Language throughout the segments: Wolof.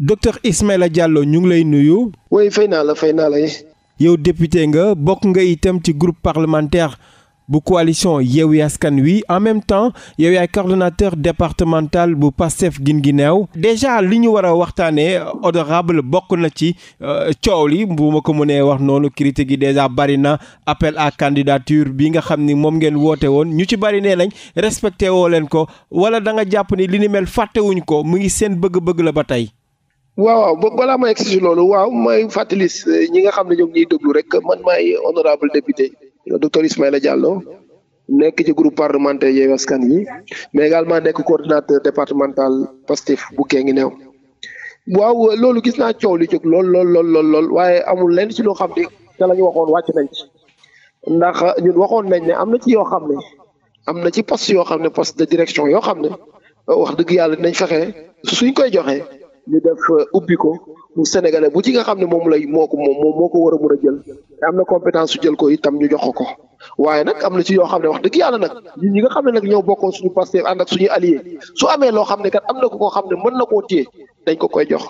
docteur Ismaïla Diallo ñu ngi lay nuyu. oui fay naa la fay naa la yow député nga bokk nga itam ci groupe parlementaire bu coalition Yewwi Askan Wi en même temps yow yaay coordonnateur départemental bu gin gi neew déjà li ñu war a waxtaanee honorable bokk na ci euh, coow li bu ma ko mënee wax noonu critique yi déjà bari na appel à candidature bi nga xam ni moom ngeen woote woon ñu ci bari nee nañ respecté woo leen ko wala da nga jàpp ni li ni mel ko mu ngi seen bëgg-bëgg la ba tey. waaw waaw balaa may egg si loolu waaw may fàttali eh, ñi nga xam ne ñoom ñuy déglu rek man maay honorable député docteur Ismaïla Diallo nekk ci groupe parlementaire Yewwi Askan Wi mais également nekk coordinateur départemental Pastef bu Guinguinéo waaw loolu gis naa coow li jóg lool lool lool lool waaye amul lenn ci loo xam ne te la ñu waxoon wàcc nañ ci ndax ah, ñun waxoon nañ ne am na ci yoo xam ne am na ci poste yoo xam ne poste de direction yoo xam ne wax dëgg yàlla dinañ fexe suñ koy joxee ñu def euh, ubbi ko pour sénégalais bu ci nga xam ne moom lay moo ko moom moo ko war a mën a jël te am na compétence su jël ko itam ñu jox ko waaye nag am na ci yoo xam ne wax dëgg yàlla nag ñi nga xam ne nag ñoo bokkoon suñu Pastef ànd ak suñu allié su amee loo xam ne kat am na ko koo xam ne mën na koo téye dañ ko koy jox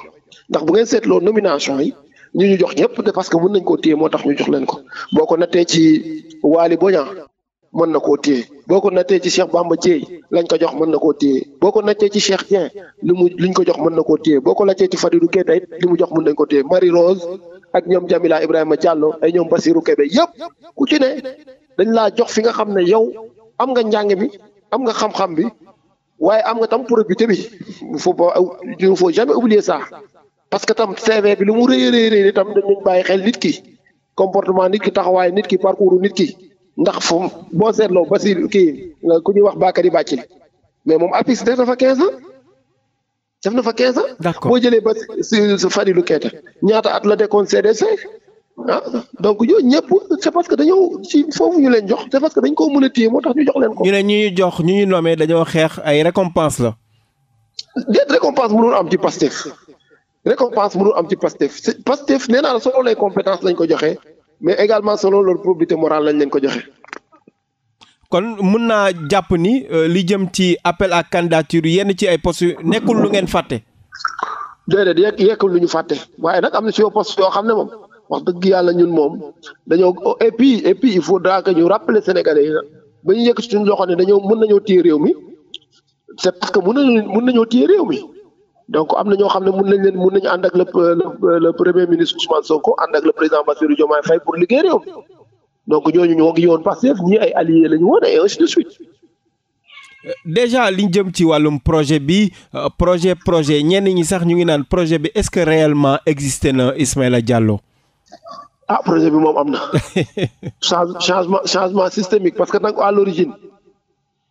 ndax bu ngeen seetloo nomination yi ñu ñu jox ñëpp de parce que mën nañ koo téye moo tax ñu jox leen ko boo ko nattee ci Waly Boña mën na koo téye boo ko nattee ci Cheikh Bamba Dièye lañ ko jox mën na koo téye boo ko nattee ci Cheikh Dieng li mu liñ ko jox mën na koo téye boo ko nattee ci Fadilou Keita it mu jox mën na ko téye Marie Rose ak ñoom Jamila Ibrahima Diallo ay ñoom Basirou Kébé yëpp ku ci ne dañ laa jox fi nga xam ne yow am nga njàng bi am nga xam-xam bi waaye am nga tam probité bi il faut pas il faut jamais oublier ça parce que tam CV bi lu mu rëyee a rëy tam dañ leen xel nit ki comportement nit ki taxawaay nit ki parcours nit ki. ndax fu boo seetloo Basir kii ku ñuy wax Bakary Bathily mais moom APIX def na fa 15 ans def na fa 15 ans. d'accord boo jëlee ba si Fadilou Keita ñaata at la dekkoon CDC ah donc yooyu ñëpp c'est parce que dañoo ci foofu ñu leen jox c'est parce que dañ koo mën a tax ñu jox leen ko. ñu ne ñuy jox ñu ñu nommé dañoo xeex ay récompense la. déet récompense mënul am ci Pastef récompense mënul am ci Pastef Pastef nee naa la solo les compétences lañ ko joxee. mais également solo leur probité morale lañ leen ko joxe. kon mun naa jàpp ni euh, li jëm ci appel à candidature yenn ci ay postes nekkul lu ngeen fàtte. déedéet yekk yekkul lu ñu fàtte waaye nag am na si yoo poste yoo xam ne moom wax dëgg yàlla ñun moom dañoo oh, et puis et puis il faudra ñu rappeler Sénégalais ba ñu yëkk suñu loxo ne dañoo mën nañoo téye réew mi c'est parce que mën nañoo mën nañoo téye réew mi. donc am na ñoo xam ne mun nañ leen mun nañu ànd ak le le premier ministre Ousmane Sonko ànd ak le président Bassirou Diomaye Faye pour liggéey réew donc ñooñu ñoo ngi yoon Pastef ñii ay alliés la ñu woon et ainsi de suite. déjà liñ jëm ci wàllum projet bi euh, projet projet ñenn ñi sax ñu ngi naan projet bi est-ce que réellement existé na Ismaïla Diallo. ah projet bi moom am na. changement changement systémique parce que nag à l'origine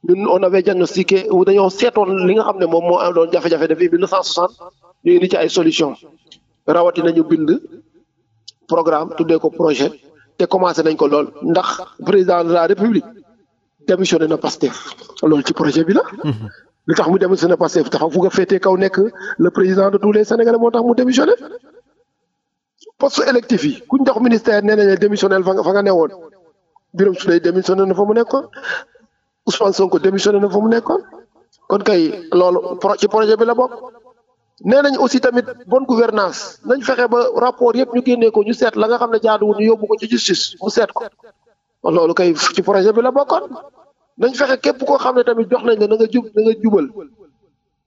ñun on avait diagnostiqué dañoo seetoon li nga xam ne moom moo am doon jafe-jafe depuis 1960 ñu indi ci ay solution rawatina ñu bind programme tuddee ko projet te commencé nañ ko lool ndax président de la république démissionné na Pastef loolu ci projet bi la. Mhm. li tax mu démissionné Pastef dafa bugg a féetee kaw nekk le président de tous les sénégalais moo tax mu démissionné poste électif yi kuñ dox ministère nee nañ démissionné fa nga fa nga newoon biram su lay démissionné na fa mu nekkoon Ousmane Sonko démissionné na fu mu nekkoon kon kay loolu ci projet bi la bokk nee nañ aussi tamit bonne gouvernance nañ fexe ba rapport yëpp ñu génnee ko ñu seet la nga xam ne jaaduwul ñu yóbbu ko ci justice mu seet ko loolu kay ci projet bi la bokkoon nañ fexe képp koo xam ne tamit jox nañ la na nga jub na nga jubal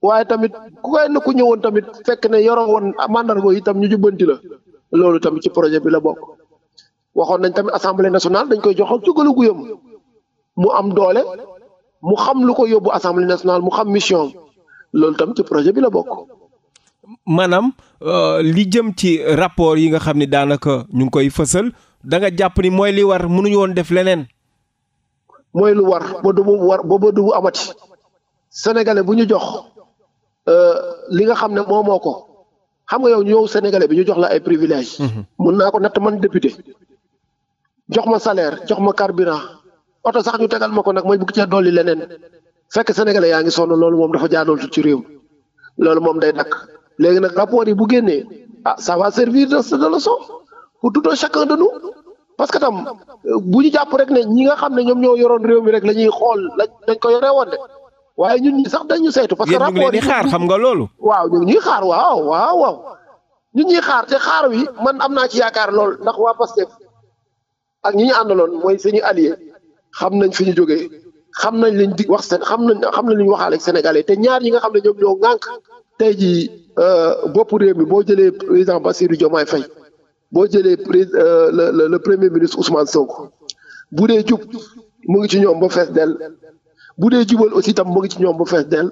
waaye tamit ku koy ku ñëwoon tamit fekk ne yoro woon mandargo itam ñu jubbanti la loolu tamit ci projet bi la bokk waxoon nañ tamit assemblée nationale dañ koy jox mu xam lu ko yóbbu assemblée nationale mu xam mission loolu tam ci projet bi la bokk. maanaam euh, li jëm ci rapport yi nga xam ni daanaka ñu ngi koy fësal da nga jàpp ni mooy li war mënuñu woon def leneen. mooy lu war ba du war ba du amati sénégalais bu ñu jox euh, li nga xam ne moo ko xam nga yow ñu yow sénégalais bi ñu jox la ay privilèges. Mhm. mun naa ko natt man député jox ma salaire jox ma carburant. oto sax ñu tegal ma ko nag mooy bëgg cee dolli leneen fekk sénégalais yaa ngi sonn loolu moom dafa jaadool ci réew loolu moom day dakk léegi nag rapport yi bu génnee ah ça va servir de leçon pour tout un chacun de parce que tam bu ñu jàpp rek ne ñi nga xam ne ñoom ñoo yoroon réew mi rek la ñuy xool lañ ko yoree woon waaye ñun sax dañu saytu parce que rapport yi xaar xam nga loolu waaw ñu ñuy xaar waaw waaw waaw ñun ñuy xaar te xaar wi man am naa ci yaakaar lool ndax waa Pastef ak ñi ñu àndaloon mooy suñu allié xam nañ fi ñu jóge xam nañ liñ di wax xam nañ xam nañ li ñu waxaale ak sénégalais te ñaar yi nga xam ne ñoom ñoo ŋànk tey ji euh, bopp réew mi boo jëlee président Bassirou Diomaye Faye boo jëlee euh, le le premier ministre Ousmane Sonko bu dee jub mu ngi ci ñoom ba fees dell bu dee jubal aussi tam mu ngi ci ñoom ba fees dell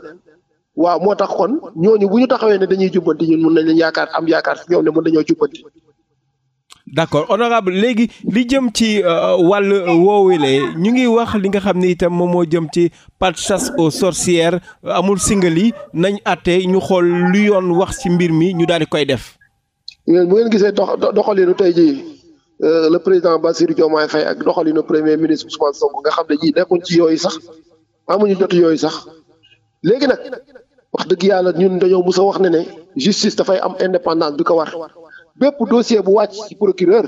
waaw moo tax kon ñooñu bu ñu taxawee ne dañuy jubbanti ñun mun nañ yaakaar am yaakaar si ñoom ne mun nañoo jubbanti d'accord honorable léegi li jëm ci euh, wàll woowile ñu ngi wax li nga xam ni itam moom moo jëm ci pat chasse aux sorcières euh, amul singali nañ àtte ñu xool lu yoon wax ci mbir mi ñu daal di koy def. Euh, bu ngeen gisee doxalinu tey jii le président Bassirou Diomaye Faye ak doxalinu premier ministre Ousmane Sonko nga xam ne jii nekkuñ ci yooyu sax amuñu jot yooyu sax léegi nag wax dëgg yàlla ñun dañoo mus a wax ne ne justice dafay am indépendance bi ko war. bépp dossier bu wàcc ci procureur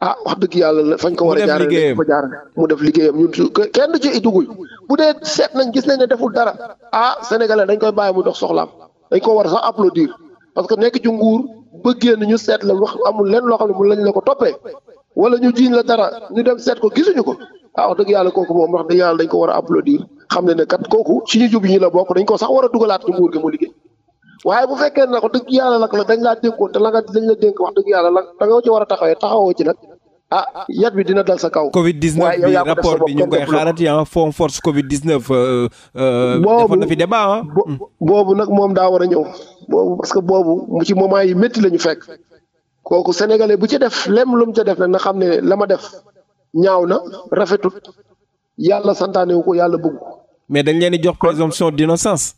ah wax dëgg yàlla fañ ko war a jaarale ko mu def liggéeyam ñun kenn du ci dugg bu dee seet nañ gis nañ ne deful dara ah sénégalais dañ koy bàyyi mu dox soxlaam dañ ko war a sax parce que nekk ci nguur bëggee na ñu seet la wax amul lenn loo xam ne mun lañ la ko toppee wala ñu jiiñ la dara seet ko gisuñu ko ah wax dëgg yàlla kooku moom wax dëgg yàlla dañ ko war a applaudir xam ne ne kat kooku ci ñu jub ñi la bokk dañ ko sax war a dugalaat ci nguur gi mu liggéey waaye bu fekkee nag wax dëgg yàlla nag la dañ laa dénkoon te la nga dañ la dénk wax dëgg yàlla la da nga war a taxawee taxawoo ci nag ah yat bi dina dal sa kaw. Covid 19 bi rapport bi ñu ngi koy xaarati ah fond force Covid 19. Euh, euh, defoon na fi débat ah. Hmm. boobu nag moom daa war a ñëw boobu parce que boobu ci moment yi métti la ñu fekk kooku sénégalais bu ci def lem lu mu ca def nag na xam ne la ma def ñaaw na rafetut yàlla santaane wu ko yàlla bëgg mais dañ leen di jox présomption d'innocence.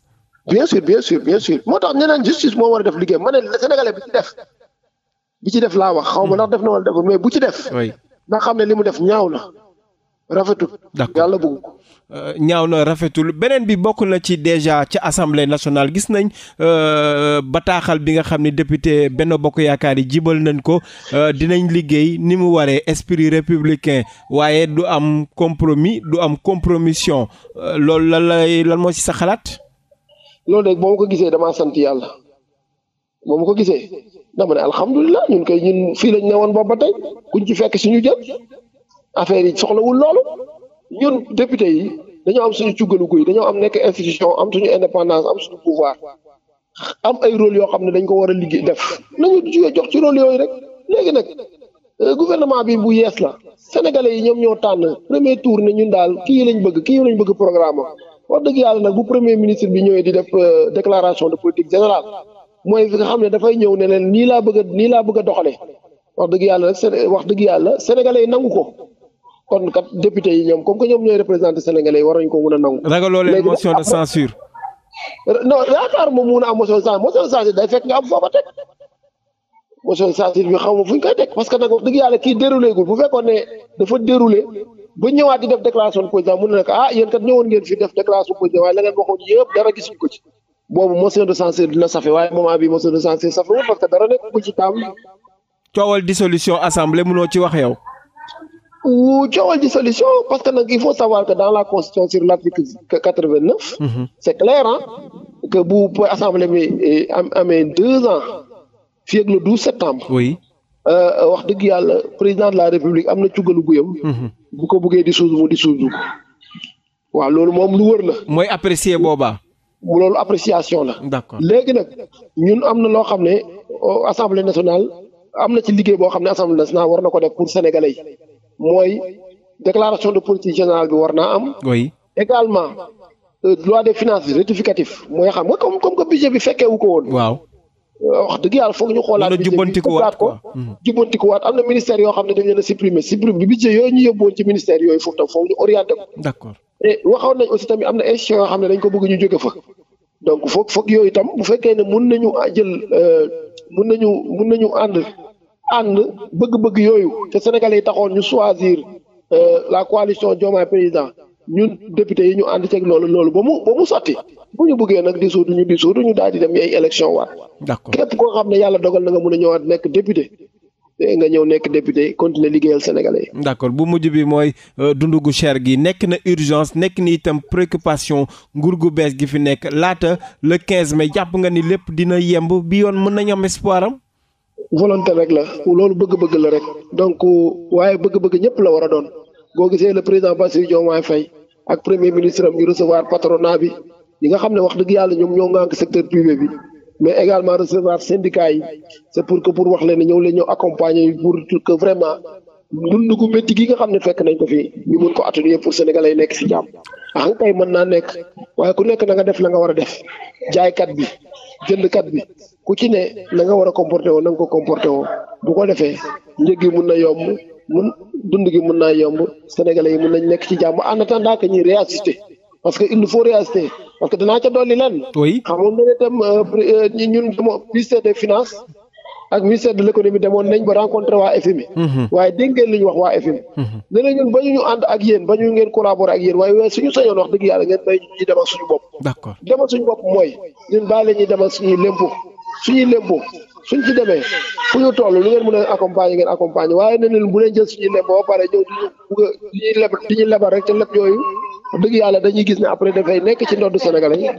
bien sûr bien sûr bien sûr moo tax ñeneen justice moo war a def liggéey ma ne sénégalais bi ci def bi ci def laa wax xaw ma ndax def na wala deful mais bu ci def na xam ne li mu def ñaaw na rafetul d'accord yàlla bëgg euh, ñaaw na rafetul beneen bi bokk na ci déjà ci assemblée national gis nañ euh, bataaxal bi nga xam ne député benn Bokk Yaakaar yi jibal nañ ko euh, dinañ liggéey ni mu waree esprit républicain waaye du am compromis du am compromission loolu lan lay lan moo ci sa xalaat loolu rek boo ma ko gisee damaa sant yàlla boo ma ko gisee dama ne alhamdulilah ñun koy ñun fii lañ ne woon boobu ba tey kuñ ci fekk suñu jël affaire yi soxlawul loolu ñun député yi dañoo am suñu cuggalu guy dañoo am nekk institution am suñu indépendance am suñu pouvoir am ay rôle yoo xam ne dañ ko war a liggéey def nañu jox ci rôle yooyu rek léegi nag euh, gouvernement bi bu yees la sénégalais yi ñoom ñoo tànn premier tour ne ñun daal kii lañ bëgg kii lañ bëgg programme am wax dëgg yàlla nag bu premier ministre bi ñëwee di def euh, déclaration de politique générale mooy fi nga xam ne dafay ñëw ne leen nii laa bëgg a nii laa bëgg a doxalee wax dëgg yàlla nag dëgg yàlla sénégalais yi nangu ko kon kat député yi ñoom comme que ñoom ñooy représenté sénégalais yi war nañu ko mun a nangu. ragaloo leen motion de censure. Euh, non yaakaar moom mun a am motion de censure motion censure day fekk nga am foofa teg motion censure bi xaw fu ñu koy teg parce que nag wax dëgg yàlla kii déroulé gul bu fekkoon ne dafa déroulé. bu ñëwaat di def déclaration de président mun na nekk ah yéen kat ñëwoon ngeen fi def déclaration de président waaye la ngeen waxoon yëpp dara gisuñ ko ci boobu motion de censure dina safe waaye moment bi motion de censure safewul parce que dara nekk ko ci table. coowal dissolution assemblée mënoo ci wax yow. ou coowal dissolution parce que nag il faut savoir que dans la constitution sur l' article quatre vingt neuf. Mhm. c' est clair que bu assemblée bi eh, amee deux ans le douze septembre. Euh, wax dëgg yàlla président de la république am na cuggalu guyam. Mhm. bu ko buggee di suuf mu di suuf waaw loolu moom lu wër la. mooy apprécier boobaa. loolu appréciation la. d'accord léegi nag ñun am na loo xam ne euh, assemblée nationale am na ci liggéey boo xam ne assemblée nationale war na ko def pour sénégalais yi mooy déclaration de politique générale bi war naa am. oui également euh, loi de finances rectificative mooy xam nga comme comme que budget bi fekkee wu ko woon. waaw. wax dëgg yàlla foog ñu xoolaat. budget bi jubantikuwaat ko hmm. jubantikuwaat am na ministère yoo xam ne dañ leen a supprimer supprimer budget yooyu ñu yóbbuwoon ci ministère yooyu foofu tam foog ñu orienté ko. d'accord te waxoon nañ aussi tamit am na institution yoo xam ne dañ ko bëgg ñu jóge fa. donc foog foog yooyu tam bu fekkee ne mun nañu ah, jël euh, mun nañu mun nañu ànd ànd bëgg-bëgg yooyu te sénégalais yi taxoon ñu choisir euh, la coalition Diomaye président. ñun député yi ñu ànd ceeg loolu loolu ba mu ba mu sotti bu ñu bëggee nag di suutu ñu di suutu ñu daal di dem ay élection waat d'accord képp koo xam ne yàlla dogal na nga mën a ñëwaat nekk député eh, nga ñëw nekk député continuer liggéeyal sénégalais yi. d'accord bu mujj bi mooy euh, dundu gu cher gi nekk na urgence nekk ni itam préoccupation nguur gu bees gi fi nekk laata le 15 mai jàpp nga ni lépp dina yemb bi yoon mën nañu am espoir am. volonté rek la loolu bëgg-bëgg la rek donc waaye bëgg-bëgg ñëpp la war a doon boo gisee le président Bassirou Diomaye Faye ak premier ministre am ñu recevoir patronat bi nga xam ne wax dëgg yàlla ñoom ñoo ŋànk secteur privé bi mais également recevoir syndicat yi c'est pour que pour wax leen ne ñëw leen ñëw accompagner pour que vraiment dund gu métti gi nga xam ne fekk nañ ko fii ñu mun ko atténuer pour sénégalais yi nekk si jàmm ah kay mën naa nekk waaye ku nekk na nga def la nga war def jaay kat bi jënd kat bi ku ci ne na nga war a comporté woo na ko comporté woo bu ko defee njëg dund gi mun naa yomb sénégalais yi mun nañ nekk ci jàmm en attendant que ñuy réassister parce que il faut réassister parce que danaa ca dolli leen. xamoon na tam euh, ñun demoon ministère des finances ak ministère de l' demoon nañ ba rencontré waa FMI. Mhm. waaye dégg ngeen li wax waa FMI. Mhm. nee ñun ba ñu ñu ànd ak yéen ba ngeen collaborer ak yéen waaye suñu sañoon wax dëgg yàlla ngeen bay ñu suñu bopp. d' accord demal suñu bopp mooy ñun bàyyi la ñuy suñuy lempo suñ ci demee fu ñu toll lu ngeen mën a accompagner ngeen accompagner waaye ne leen bu leen jël suñuy leb ba pare ñëw di ñu leb di ñu rek ca leb yooyu dëgg yàlla dañuy gis ne après dafay nekk ci ndoddu sénégalais yi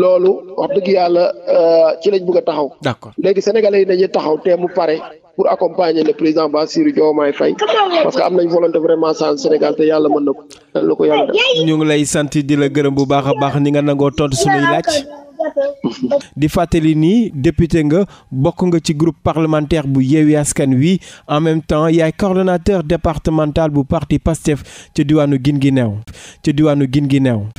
loolu wax dëgg yàlla euh, ci lañ bëgg a taxaw. d'accord léegi sénégalais yi dañuy taxaw te mu pare pour accompagner le président Bassirou Diomaye Faye parce que am nañ volonté vraiment sans Sénégal te yàlla mën na ko. lan ko yàlla def. lay sant di la gërëm bu baax a baax ni nga nangoo tontu suñuy laaj. di fàttali nii député nga bokk nga ci groupe parlementaire bu Yewwi Askan Wi en même temps yaay coordonnateur départemental bu parti PASTEF ci diwaanu gi Guinguinéo ci diwaanu gi Guinguinéo